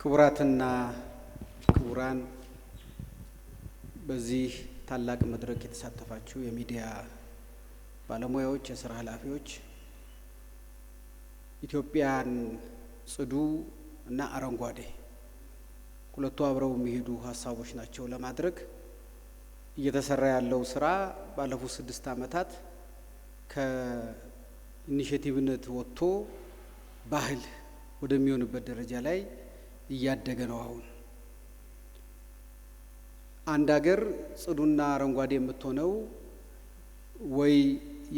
ክቡራትና ክቡራን በዚህ ታላቅ መድረክ የተሳተፋችሁ የሚዲያ ባለሙያዎች፣ የስራ ኃላፊዎች ኢትዮጵያን ጽዱ እና አረንጓዴ ሁለቱ አብረው የሚሄዱ ሀሳቦች ናቸው ለማድረግ እየተሰራ ያለው ስራ ባለፉት ስድስት ዓመታት ከኢኒሽቲቭነት ወጥቶ ባህል ወደሚሆንበት ደረጃ ላይ እያደገ ነው። አሁን አንድ አገር ጽዱና አረንጓዴ የምትሆነው ወይ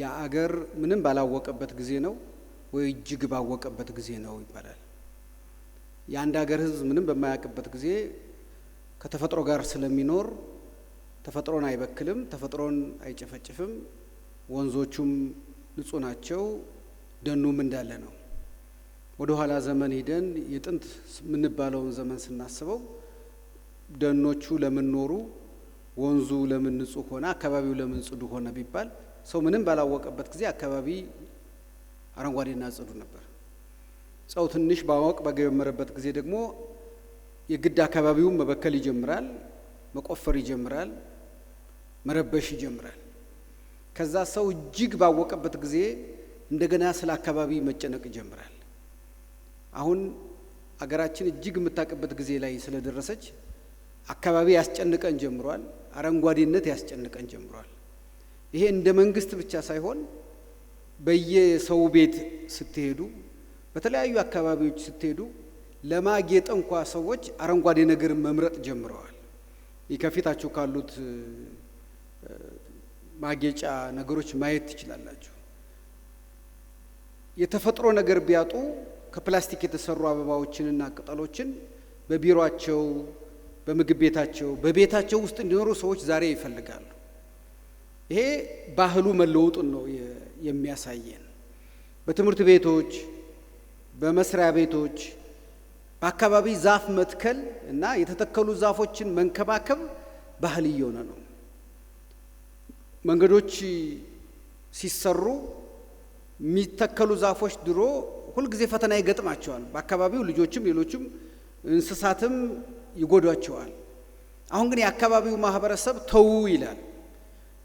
የአገር ምንም ባላወቀበት ጊዜ ነው ወይ እጅግ ባወቀበት ጊዜ ነው ይባላል። የአንድ ሀገር ሕዝብ ምንም በማያውቅበት ጊዜ ከተፈጥሮ ጋር ስለሚኖር ተፈጥሮን አይበክልም፣ ተፈጥሮን አይጨፈጭፍም፣ ወንዞቹም ንጹህ ናቸው፣ ደኑም እንዳለ ነው። ወደ ኋላ ዘመን ሂደን የጥንት የምንባለውን ዘመን ስናስበው ደኖቹ ለምን ኖሩ፣ ወንዙ ለምን ንጹህ ሆነ፣ አካባቢው ለምን ጽዱ ሆነ ቢባል ሰው ምንም ባላወቀበት ጊዜ አካባቢ አረንጓዴና ጽዱ ነበር። ሰው ትንሽ ማወቅ በጀመረበት ጊዜ ደግሞ የግድ አካባቢውን መበከል ይጀምራል፣ መቆፈር ይጀምራል፣ መረበሽ ይጀምራል። ከዛ ሰው እጅግ ባወቀበት ጊዜ እንደገና ስለ አካባቢ መጨነቅ ይጀምራል። አሁን አገራችን እጅግ የምታውቅበት ጊዜ ላይ ስለደረሰች አካባቢ ያስጨንቀን ጀምሯል። አረንጓዴነት ያስጨንቀን ጀምሯል። ይሄ እንደ መንግስት ብቻ ሳይሆን በየሰው ቤት ስትሄዱ፣ በተለያዩ አካባቢዎች ስትሄዱ ለማጌጥ እንኳ ሰዎች አረንጓዴ ነገር መምረጥ ጀምረዋል። ይህ ከፊታችሁ ካሉት ማጌጫ ነገሮች ማየት ትችላላችሁ። የተፈጥሮ ነገር ቢያጡ ከፕላስቲክ የተሰሩ አበባዎችንና ቅጠሎችን በቢሮቸው በምግብ ቤታቸው፣ በቤታቸው ውስጥ እንዲኖሩ ሰዎች ዛሬ ይፈልጋሉ። ይሄ ባህሉ መለወጡን ነው የሚያሳየን። በትምህርት ቤቶች፣ በመስሪያ ቤቶች፣ በአካባቢ ዛፍ መትከል እና የተተከሉ ዛፎችን መንከባከብ ባህል እየሆነ ነው። መንገዶች ሲሰሩ የሚተከሉ ዛፎች ድሮ ሁልጊዜ ፈተና ይገጥማቸዋል። በአካባቢው ልጆችም ሌሎችም እንስሳትም ይጎዷቸዋል። አሁን ግን የአካባቢው ማህበረሰብ ተዉ ይላል፣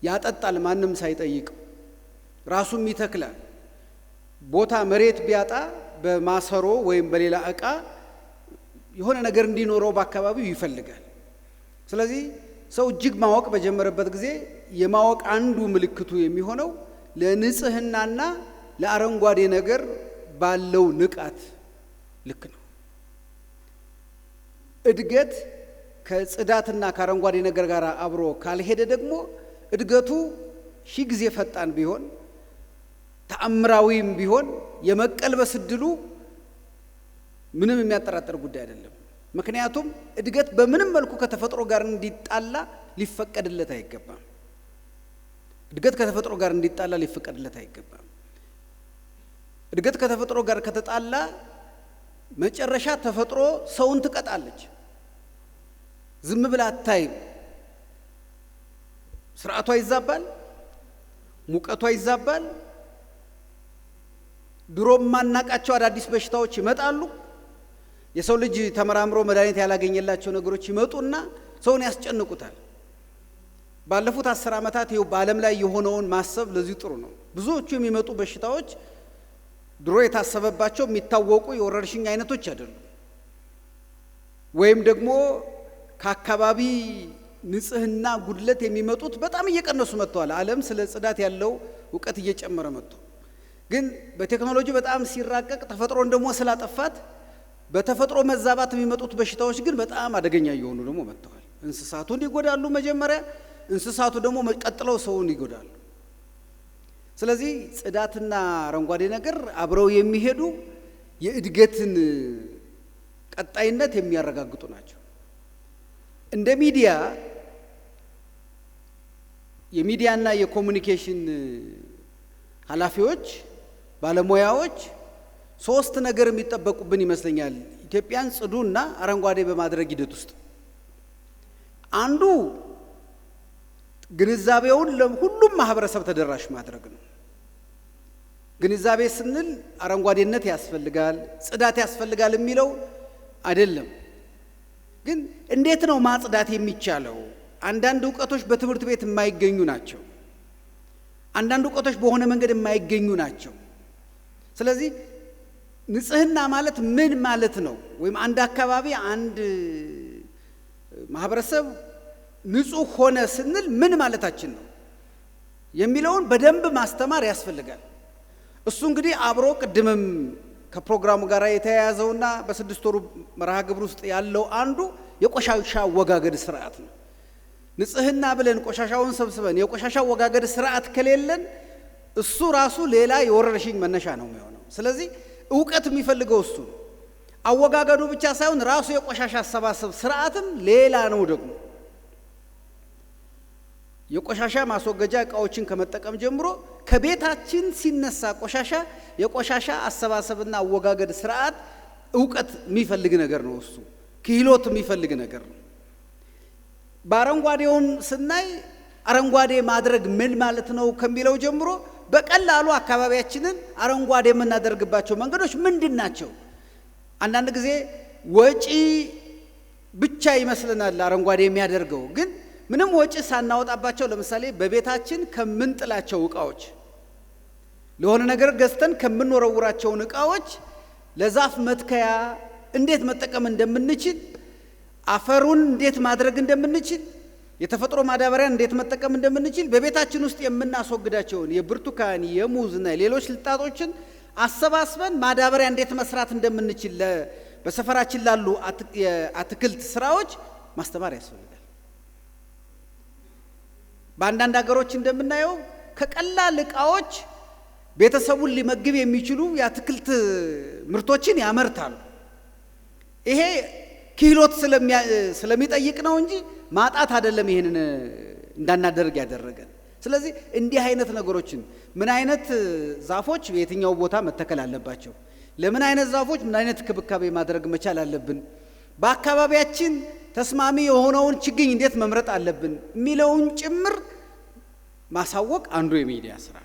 ያጠጣል፣ ማንም ሳይጠይቅ ራሱም ይተክላል። ቦታ መሬት ቢያጣ በማሰሮ ወይም በሌላ እቃ የሆነ ነገር እንዲኖረው በአካባቢው ይፈልጋል። ስለዚህ ሰው እጅግ ማወቅ በጀመረበት ጊዜ የማወቅ አንዱ ምልክቱ የሚሆነው ለንጽህናና ለአረንጓዴ ነገር ባለው ንቃት ልክ ነው። እድገት ከጽዳትና ከአረንጓዴ ነገር ጋር አብሮ ካልሄደ ደግሞ እድገቱ ሺህ ጊዜ ፈጣን ቢሆን ተአምራዊም ቢሆን የመቀልበስ እድሉ ምንም የሚያጠራጥር ጉዳይ አይደለም። ምክንያቱም እድገት በምንም መልኩ ከተፈጥሮ ጋር እንዲጣላ ሊፈቀድለት አይገባም። እድገት ከተፈጥሮ ጋር እንዲጣላ ሊፈቀድለት አይገባም። እድገት ከተፈጥሮ ጋር ከተጣላ መጨረሻ ተፈጥሮ ሰውን ትቀጣለች። ዝም ብላ አታይም። ስርዓቷ ይዛባል፣ ሙቀቷ ይዛባል። ድሮ ማናቃቸው አዳዲስ በሽታዎች ይመጣሉ። የሰው ልጅ ተመራምሮ መድኃኒት ያላገኘላቸው ነገሮች ይመጡና ሰውን ያስጨንቁታል። ባለፉት አስር ዓመታት ይኸው በዓለም ላይ የሆነውን ማሰብ ለዚህ ጥሩ ነው። ብዙዎቹ የሚመጡ በሽታዎች ድሮ የታሰበባቸው የሚታወቁ የወረርሽኝ አይነቶች አይደሉም። ወይም ደግሞ ከአካባቢ ንጽህና ጉድለት የሚመጡት በጣም እየቀነሱ መጥተዋል። ዓለም ስለ ጽዳት ያለው እውቀት እየጨመረ መጥቶ ግን በቴክኖሎጂ በጣም ሲራቀቅ ተፈጥሮን ደግሞ ስላጠፋት በተፈጥሮ መዛባት የሚመጡት በሽታዎች ግን በጣም አደገኛ እየሆኑ ደግሞ መጥተዋል። እንስሳቱን ይጎዳሉ መጀመሪያ፣ እንስሳቱ ደግሞ ቀጥለው ሰውን ይጎዳሉ። ስለዚህ ጽዳትና አረንጓዴ ነገር አብረው የሚሄዱ የእድገትን ቀጣይነት የሚያረጋግጡ ናቸው። እንደ ሚዲያ የሚዲያና የኮሚኒኬሽን ኃላፊዎች፣ ባለሙያዎች ሶስት ነገር የሚጠበቁብን ይመስለኛል ኢትዮጵያን ጽዱና አረንጓዴ በማድረግ ሂደት ውስጥ አንዱ ግንዛቤውን ለሁሉም ማህበረሰብ ተደራሽ ማድረግ ነው። ግንዛቤ ስንል አረንጓዴነት ያስፈልጋል፣ ጽዳት ያስፈልጋል የሚለው አይደለም። ግን እንዴት ነው ማጽዳት የሚቻለው? አንዳንድ እውቀቶች በትምህርት ቤት የማይገኙ ናቸው። አንዳንድ እውቀቶች በሆነ መንገድ የማይገኙ ናቸው። ስለዚህ ንጽህና ማለት ምን ማለት ነው? ወይም አንድ አካባቢ አንድ ማህበረሰብ ንጹህ ሆነ ስንል ምን ማለታችን ነው የሚለውን በደንብ ማስተማር ያስፈልጋል። እሱ እንግዲህ አብሮ ቅድምም ከፕሮግራሙ ጋር የተያያዘውና በስድስት ወሩ መርሃ ግብር ውስጥ ያለው አንዱ የቆሻሻ አወጋገድ ስርዓት ነው። ንጽህና ብለን ቆሻሻውን ሰብስበን የቆሻሻ አወጋገድ ስርዓት ከሌለን እሱ ራሱ ሌላ የወረርሽኝ መነሻ ነው የሚሆነው። ስለዚህ እውቀት የሚፈልገው እሱ ነው። አወጋገዱ ብቻ ሳይሆን ራሱ የቆሻሻ አሰባሰብ ስርዓትም ሌላ ነው ደግሞ የቆሻሻ ማስወገጃ እቃዎችን ከመጠቀም ጀምሮ ከቤታችን ሲነሳ ቆሻሻ የቆሻሻ አሰባሰብና አወጋገድ ስርዓት እውቀት የሚፈልግ ነገር ነው። እሱ ክህሎት የሚፈልግ ነገር ነው። በአረንጓዴውን ስናይ አረንጓዴ ማድረግ ምን ማለት ነው ከሚለው ጀምሮ በቀላሉ አካባቢያችንን አረንጓዴ የምናደርግባቸው መንገዶች ምንድን ናቸው? አንዳንድ ጊዜ ወጪ ብቻ ይመስለናል አረንጓዴ የሚያደርገው ግን ምንም ወጪ ሳናወጣባቸው ለምሳሌ በቤታችን ከምንጥላቸው እቃዎች ለሆነ ነገር ገዝተን ከምንወረውራቸውን እቃዎች ለዛፍ መትከያ እንዴት መጠቀም እንደምንችል፣ አፈሩን እንዴት ማድረግ እንደምንችል፣ የተፈጥሮ ማዳበሪያን እንዴት መጠቀም እንደምንችል በቤታችን ውስጥ የምናስወግዳቸውን የብርቱካን የሙዝና ሌሎች ልጣጦችን አሰባስበን ማዳበሪያ እንዴት መስራት እንደምንችል በሰፈራችን ላሉ የአትክልት ስራዎች ማስተማር ያስፈልጋል። በአንዳንድ ሀገሮች እንደምናየው ከቀላል እቃዎች ቤተሰቡን ሊመግብ የሚችሉ የአትክልት ምርቶችን ያመርታሉ። ይሄ ክህሎት ስለሚጠይቅ ነው እንጂ ማጣት አይደለም ይህንን እንዳናደርግ ያደረገን። ስለዚህ እንዲህ አይነት ነገሮችን ምን አይነት ዛፎች በየትኛው ቦታ መተከል አለባቸው፣ ለምን አይነት ዛፎች ምን አይነት ክብካቤ ማድረግ መቻል አለብን፣ በአካባቢያችን ተስማሚ የሆነውን ችግኝ እንዴት መምረጥ አለብን የሚለውን ጭምር ማሳወቅ አንዱ የሚዲያ ስራ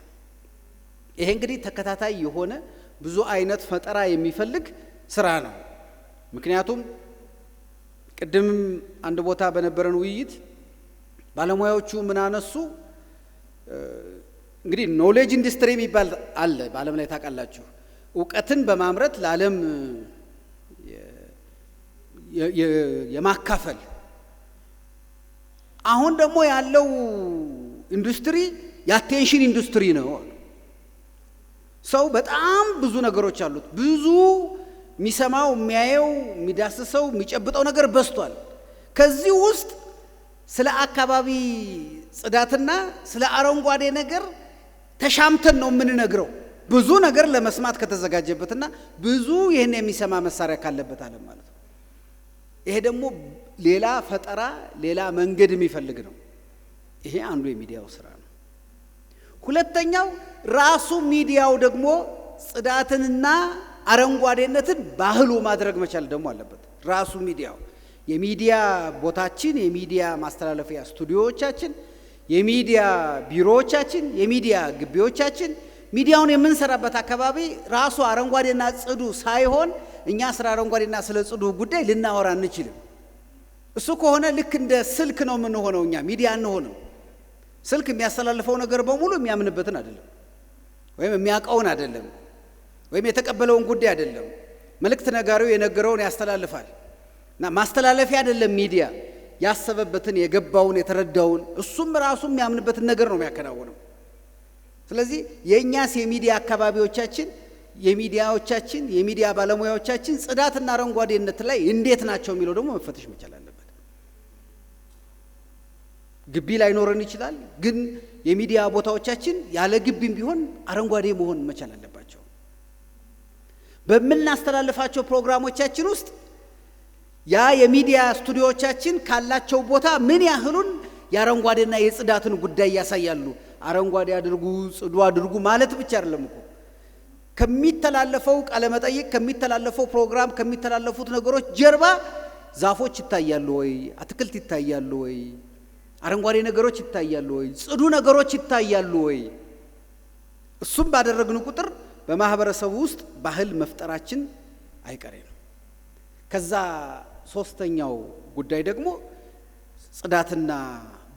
ይሄ እንግዲህ ተከታታይ የሆነ ብዙ አይነት ፈጠራ የሚፈልግ ስራ ነው። ምክንያቱም ቅድም አንድ ቦታ በነበረን ውይይት ባለሙያዎቹ ምናነሱ እንግዲህ ኖሌጅ ኢንዱስትሪ የሚባል አለ በአለም ላይ ታውቃላችሁ። እውቀትን በማምረት ለዓለም የማካፈል አሁን ደግሞ ያለው ኢንዱስትሪ የአቴንሽን ኢንዱስትሪ ነው። ሰው በጣም ብዙ ነገሮች አሉት። ብዙ የሚሰማው፣ የሚያየው፣ የሚዳስሰው፣ የሚጨብጠው ነገር በዝቷል። ከዚህ ውስጥ ስለ አካባቢ ጽዳትና ስለ አረንጓዴ ነገር ተሻምተን ነው የምንነግረው። ብዙ ነገር ለመስማት ከተዘጋጀበትና ብዙ ይህን የሚሰማ መሳሪያ ካለበት አለም ማለት ይሄ ደግሞ ሌላ ፈጠራ፣ ሌላ መንገድ የሚፈልግ ነው። ይሄ አንዱ የሚዲያው ስራ ነው። ሁለተኛው ራሱ ሚዲያው ደግሞ ጽዳትንና አረንጓዴነትን ባህሉ ማድረግ መቻል ደግሞ አለበት። ራሱ ሚዲያው የሚዲያ ቦታችን፣ የሚዲያ ማስተላለፊያ ስቱዲዮዎቻችን፣ የሚዲያ ቢሮዎቻችን፣ የሚዲያ ግቢዎቻችን፣ ሚዲያውን የምንሰራበት አካባቢ ራሱ አረንጓዴና ጽዱ ሳይሆን እኛ ስለ አረንጓዴና ስለ ጽዱ ጉዳይ ልናወራ አንችልም። እሱ ከሆነ ልክ እንደ ስልክ ነው የምንሆነው። እኛ ሚዲያ አንሆንም። ስልክ የሚያስተላልፈው ነገር በሙሉ የሚያምንበትን አይደለም፣ ወይም የሚያውቀውን አይደለም፣ ወይም የተቀበለውን ጉዳይ አይደለም። መልእክት ነጋሪው የነገረውን ያስተላልፋል እና ማስተላለፊያ አይደለም ሚዲያ ያሰበበትን የገባውን የተረዳውን እሱም ራሱ የሚያምንበትን ነገር ነው የሚያከናውነው። ስለዚህ የእኛስ የሚዲያ አካባቢዎቻችን የሚዲያዎቻችን የሚዲያ ባለሙያዎቻችን ጽዳትና አረንጓዴነት ላይ እንዴት ናቸው የሚለው ደግሞ መፈተሽ መቻል አለበት። ግቢ ላይኖረን ይችላል፣ ግን የሚዲያ ቦታዎቻችን ያለ ግቢም ቢሆን አረንጓዴ መሆን መቻል አለባቸው። በምናስተላልፋቸው ፕሮግራሞቻችን ውስጥ ያ የሚዲያ ስቱዲዮዎቻችን ካላቸው ቦታ ምን ያህሉን የአረንጓዴና የጽዳትን ጉዳይ ያሳያሉ። አረንጓዴ አድርጉ፣ ጽዱ አድርጉ ማለት ብቻ አይደለም እኮ ከሚተላለፈው ቃለመጠይቅ ከሚተላለፈው ፕሮግራም ከሚተላለፉት ነገሮች ጀርባ ዛፎች ይታያሉ ወይ? አትክልት ይታያሉ ወይ? አረንጓዴ ነገሮች ይታያሉ ወይ? ጽዱ ነገሮች ይታያሉ ወይ? እሱም ባደረግን ቁጥር በማህበረሰቡ ውስጥ ባህል መፍጠራችን አይቀሬ ነው። ከዛ ሶስተኛው ጉዳይ ደግሞ ጽዳትና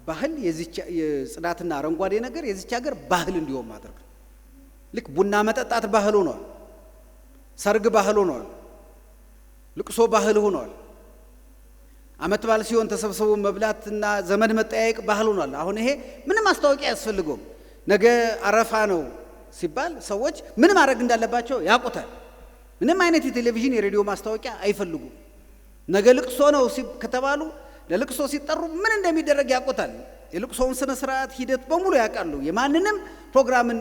ባህል ጽዳትና አረንጓዴ ነገር የዚች ሀገር ባህል እንዲሆን ማድረግ ልክ ቡና መጠጣት ባህል ሆኗል። ሰርግ ባህል ሆኗል። ልቅሶ ባህል ሆኗል። አመት በዓል ሲሆን ተሰብስቦ መብላትና ዘመድ መጠያየቅ ባህል ሆኗል። አሁን ይሄ ምንም ማስታወቂያ አያስፈልገውም። ነገ አረፋ ነው ሲባል ሰዎች ምን ማድረግ እንዳለባቸው ያውቁታል። ምንም አይነት የቴሌቪዥን የሬዲዮ ማስታወቂያ አይፈልጉም። ነገ ልቅሶ ነው ከተባሉ ለልቅሶ ሲጠሩ ምን እንደሚደረግ ያውቁታል። የልቅሶውን ስነ ስርዓት ሂደት በሙሉ ያውቃሉ። የማንንም ፕሮግራምን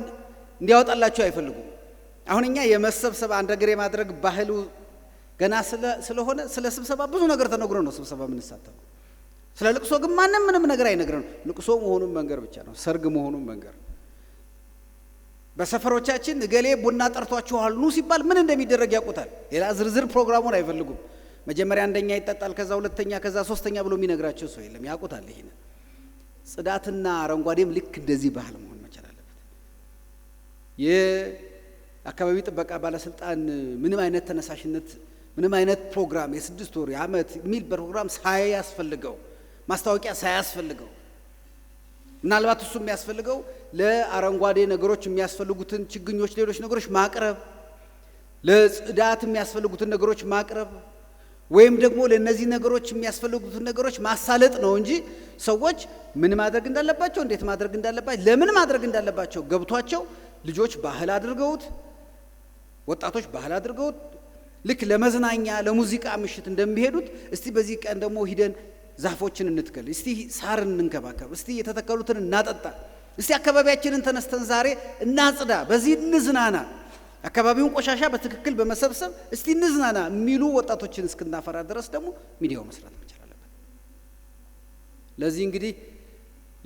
እንዲያወጣላቸው አይፈልጉም። አሁን እኛ የመሰብሰብ አንድ ነገር የማድረግ ባህሉ ገና ስለሆነ ስለ ስብሰባ ብዙ ነገር ተነግሮ ነው ስብሰባ የምንሳተፈው። ስለ ልቅሶ ግን ማንም ምንም ነገር ነው። ልቅሶ መሆኑን መንገር ብቻ ነው፣ ሰርግ መሆኑን መንገር። በሰፈሮቻችን እገሌ ቡና ጠርቷችኋል ኑ ሲባል ምን እንደሚደረግ ያውቁታል። ሌላ ዝርዝር ፕሮግራሙን አይፈልጉም። መጀመሪያ አንደኛ ይጠጣል፣ ከዛ ሁለተኛ፣ ከዛ ሶስተኛ ብሎ የሚነግራቸው ሰው የለም። ያውቁታል። ይህን ጽዳትና አረንጓዴም ልክ እንደዚህ ባህል መሆን የአካባቢ ጥበቃ ባለስልጣን ምንም አይነት ተነሳሽነት ምንም አይነት ፕሮግራም የስድስት ወር የአመት የሚል ፕሮግራም ሳያስፈልገው ማስታወቂያ ሳያስፈልገው ምናልባት እሱ የሚያስፈልገው ለአረንጓዴ ነገሮች የሚያስፈልጉትን ችግኞች፣ ሌሎች ነገሮች ማቅረብ፣ ለጽዳት የሚያስፈልጉትን ነገሮች ማቅረብ ወይም ደግሞ ለእነዚህ ነገሮች የሚያስፈልጉትን ነገሮች ማሳለጥ ነው እንጂ ሰዎች ምን ማድረግ እንዳለባቸው፣ እንዴት ማድረግ እንዳለባቸው፣ ለምን ማድረግ እንዳለባቸው ገብቷቸው ልጆች ባህል አድርገውት፣ ወጣቶች ባህል አድርገውት ልክ ለመዝናኛ ለሙዚቃ ምሽት እንደሚሄዱት እስቲ በዚህ ቀን ደግሞ ሂደን ዛፎችን እንትከል፣ እስቲ ሳር እንንከባከብ፣ እስቲ የተተከሉትን እናጠጣ፣ እስቲ አካባቢያችንን ተነስተን ዛሬ እናጽዳ፣ በዚህ እንዝናና፣ አካባቢውን ቆሻሻ በትክክል በመሰብሰብ እስቲ እንዝናና የሚሉ ወጣቶችን እስክናፈራ ድረስ ደግሞ ሚዲያው መስራት መቻል አለበት። ለዚህ እንግዲህ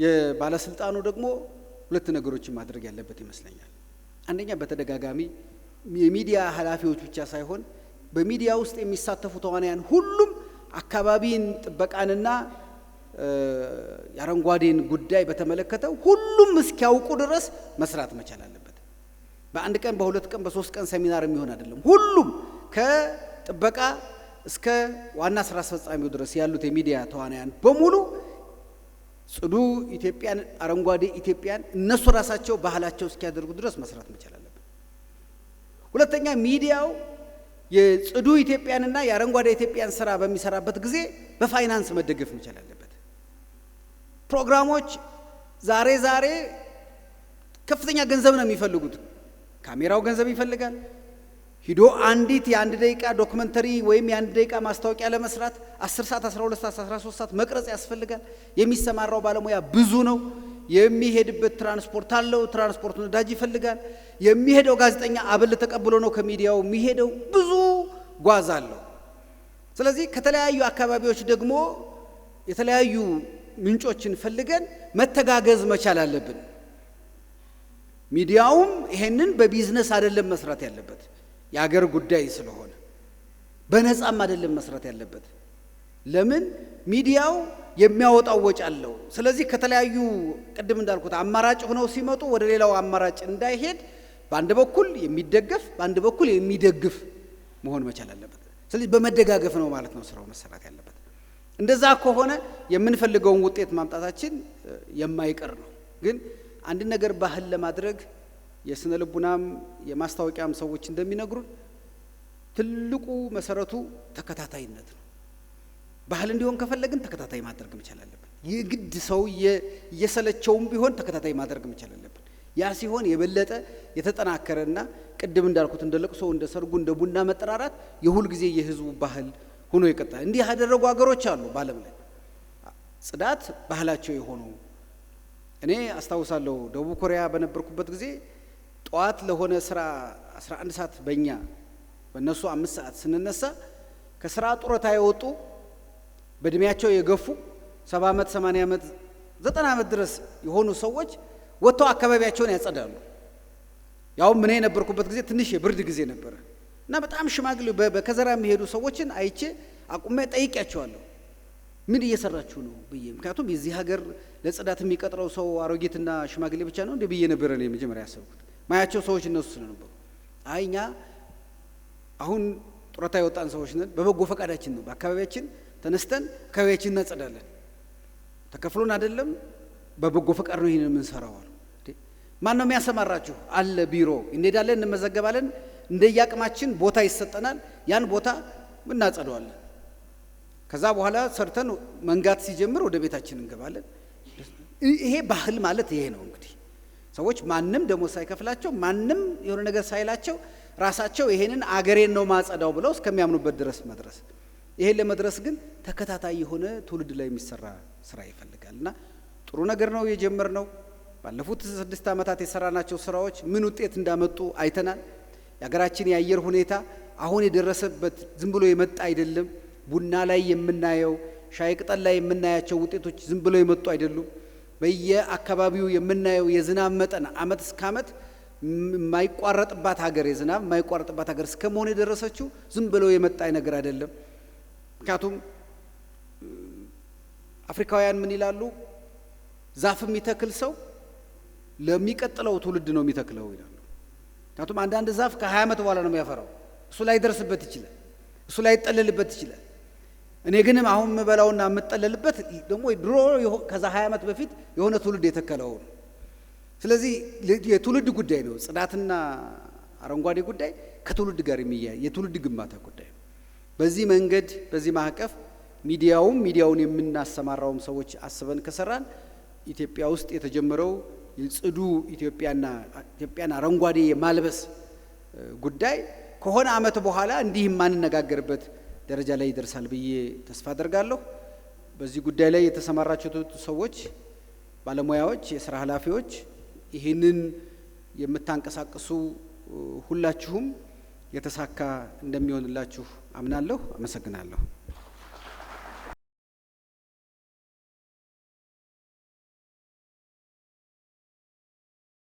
የባለስልጣኑ ደግሞ ሁለት ነገሮችን ማድረግ ያለበት ይመስለኛል። አንደኛ በተደጋጋሚ የሚዲያ ኃላፊዎች ብቻ ሳይሆን በሚዲያ ውስጥ የሚሳተፉ ተዋናያን ሁሉም አካባቢን ጥበቃንና የአረንጓዴን ጉዳይ በተመለከተ ሁሉም እስኪያውቁ ድረስ መስራት መቻል አለበት። በአንድ ቀን በሁለት ቀን በሶስት ቀን ሰሚናር የሚሆን አይደለም። ሁሉም ከጥበቃ እስከ ዋና ስራ አስፈጻሚው ድረስ ያሉት የሚዲያ ተዋናያን በሙሉ ጽዱ ኢትዮጵያን፣ አረንጓዴ ኢትዮጵያን እነሱ ራሳቸው ባህላቸው እስኪያደርጉ ድረስ መስራት መቻል አለብን። ሁለተኛ ሚዲያው የጽዱ ኢትዮጵያንና የአረንጓዴ ኢትዮጵያን ስራ በሚሰራበት ጊዜ በፋይናንስ መደገፍ መቻል አለበት። ፕሮግራሞች ዛሬ ዛሬ ከፍተኛ ገንዘብ ነው የሚፈልጉት። ካሜራው ገንዘብ ይፈልጋል። ሂዶ አንዲት የአንድ ደቂቃ ዶክመንተሪ ወይም የአንድ ደቂቃ ማስታወቂያ ለመስራት 10 ሰዓት፣ 12 ሰዓት፣ 13 ሰዓት መቅረጽ ያስፈልጋል። የሚሰማራው ባለሙያ ብዙ ነው። የሚሄድበት ትራንስፖርት አለው። ትራንስፖርት ነዳጅ ይፈልጋል። የሚሄደው ጋዜጠኛ አበል ተቀብሎ ነው ከሚዲያው የሚሄደው። ብዙ ጓዝ አለው። ስለዚህ ከተለያዩ አካባቢዎች ደግሞ የተለያዩ ምንጮችን ፈልገን መተጋገዝ መቻል አለብን። ሚዲያውም ይሄንን በቢዝነስ አይደለም መስራት ያለበት። የአገር ጉዳይ ስለሆነ በነፃም አይደለም መስራት ያለበት። ለምን ሚዲያው የሚያወጣው ወጪ አለው። ስለዚህ ከተለያዩ ቅድም እንዳልኩት አማራጭ ሆነው ሲመጡ ወደ ሌላው አማራጭ እንዳይሄድ በአንድ በኩል የሚደገፍ በአንድ በኩል የሚደግፍ መሆን መቻል አለበት። ስለዚህ በመደጋገፍ ነው ማለት ነው ስራው መሰራት ያለበት። እንደዛ ከሆነ የምንፈልገውን ውጤት ማምጣታችን የማይቀር ነው። ግን አንድ ነገር ባህል ለማድረግ የስነ ልቡናም የማስታወቂያም ሰዎች እንደሚነግሩን ትልቁ መሰረቱ ተከታታይነት ነው። ባህል እንዲሆን ከፈለግን ተከታታይ ማድረግ መቻል አለብን። የግድ ሰው እየሰለቸውም ቢሆን ተከታታይ ማድረግ መቻል አለብን። ያ ሲሆን የበለጠ የተጠናከረና ቅድም እንዳልኩት እንደ ለቅሶ፣ እንደ ሰርጉ፣ እንደ ቡና መጠራራት የሁል ጊዜ የህዝቡ ባህል ሆኖ ይቀጥላል። እንዲህ ያደረጉ ሀገሮች አሉ በዓለም ላይ ጽዳት ባህላቸው የሆኑ እኔ አስታውሳለሁ ደቡብ ኮሪያ በነበርኩበት ጊዜ ጠዋት ለሆነ ስራ 11 ሰዓት በእኛ በእነሱ አምስት ሰዓት ስንነሳ ከስራ ጡረታ የወጡ በእድሜያቸው የገፉ ሰባ ዓመት ሰማንያ ዓመት ዘጠና ዓመት ድረስ የሆኑ ሰዎች ወጥተው አካባቢያቸውን ያጸዳሉ። ያውም ምን የነበርኩበት ጊዜ ትንሽ የብርድ ጊዜ ነበረ እና በጣም ሽማግሌ በከዘራ የሚሄዱ ሰዎችን አይቼ አቁሜ ጠይቄያቸዋለሁ። ምን እየሰራችሁ ነው ብዬ ምክንያቱም የዚህ ሀገር ለጽዳት የሚቀጥረው ሰው አሮጊትና ሽማግሌ ብቻ ነው እንደ ብዬ ነበረ ነው የመጀመሪያ ያሰብኩት። ማያቸው ሰዎች እነሱ ስለነበሩ አይ እኛ አሁን ጡረታ የወጣን ሰዎች ነን፣ በበጎ ፈቃዳችን ነው። በአካባቢያችን ተነስተን አካባቢያችን እናጸዳለን። ተከፍሎን አይደለም፣ በበጎ ፈቃድ ነው ይህን የምንሰራው አሉ። ማን ነው የሚያሰማራችሁ? አለ ቢሮ። እንሄዳለን፣ እንመዘገባለን፣ እንደየአቅማችን ቦታ ይሰጠናል። ያን ቦታ እናጸደዋለን። ከዛ በኋላ ሰርተን መንጋት ሲጀምር ወደ ቤታችን እንገባለን። ይሄ ባህል ማለት ይሄ ነው እንግዲህ ሰዎች ማንም ደሞዝ ሳይከፍላቸው ማንም የሆነ ነገር ሳይላቸው ራሳቸው ይሄንን አገሬን ነው ማጸዳው ብለው እስከሚያምኑበት ድረስ መድረስ። ይሄን ለመድረስ ግን ተከታታይ የሆነ ትውልድ ላይ የሚሰራ ስራ ይፈልጋል እና ጥሩ ነገር ነው የጀመርነው። ባለፉት ስድስት ዓመታት የሰራናቸው ስራዎች ምን ውጤት እንዳመጡ አይተናል። የሀገራችን የአየር ሁኔታ አሁን የደረሰበት ዝም ብሎ የመጣ አይደለም። ቡና ላይ የምናየው ሻይ ቅጠል ላይ የምናያቸው ውጤቶች ዝም ብሎ የመጡ አይደሉም። በየአካባቢው የምናየው የዝናብ መጠን አመት እስከ አመት የማይቋረጥባት ሀገር የዝናብ የማይቋረጥባት ሀገር እስከ መሆን የደረሰችው ዝም ብለው የመጣኝ ነገር አይደለም። ምክንያቱም አፍሪካውያን ምን ይላሉ? ዛፍ የሚተክል ሰው ለሚቀጥለው ትውልድ ነው የሚተክለው ይላሉ። ምክንያቱም አንዳንድ ዛፍ ከሀያ ዓመት በኋላ ነው የሚያፈራው። እሱ ላይ ደርስበት ይችላል፣ እሱ ላይ ይጠለልበት ይችላል። እኔ ግን አሁን የምበላውና የምጠለልበት ደግሞ ድሮ ከዛ 20 ዓመት በፊት የሆነ ትውልድ የተከለው ነው። ስለዚህ የትውልድ ጉዳይ ነው። ጽዳትና አረንጓዴ ጉዳይ ከትውልድ ጋር የሚያ የትውልድ ግንባታ ጉዳይ ነው። በዚህ መንገድ በዚህ ማዕቀፍ ሚዲያውም ሚዲያውን የምናሰማራውም ሰዎች አስበን ከሰራን ኢትዮጵያ ውስጥ የተጀመረው የጽዱ ኢትዮጵያና ኢትዮጵያን አረንጓዴ የማልበስ ጉዳይ ከሆነ ዓመት በኋላ እንዲህ የማንነጋገርበት ደረጃ ላይ ይደርሳል ብዬ ተስፋ አደርጋለሁ። በዚህ ጉዳይ ላይ የተሰማራችሁት ሰዎች፣ ባለሙያዎች፣ የስራ ኃላፊዎች ይህንን የምታንቀሳቅሱ ሁላችሁም የተሳካ እንደሚሆንላችሁ አምናለሁ። አመሰግናለሁ።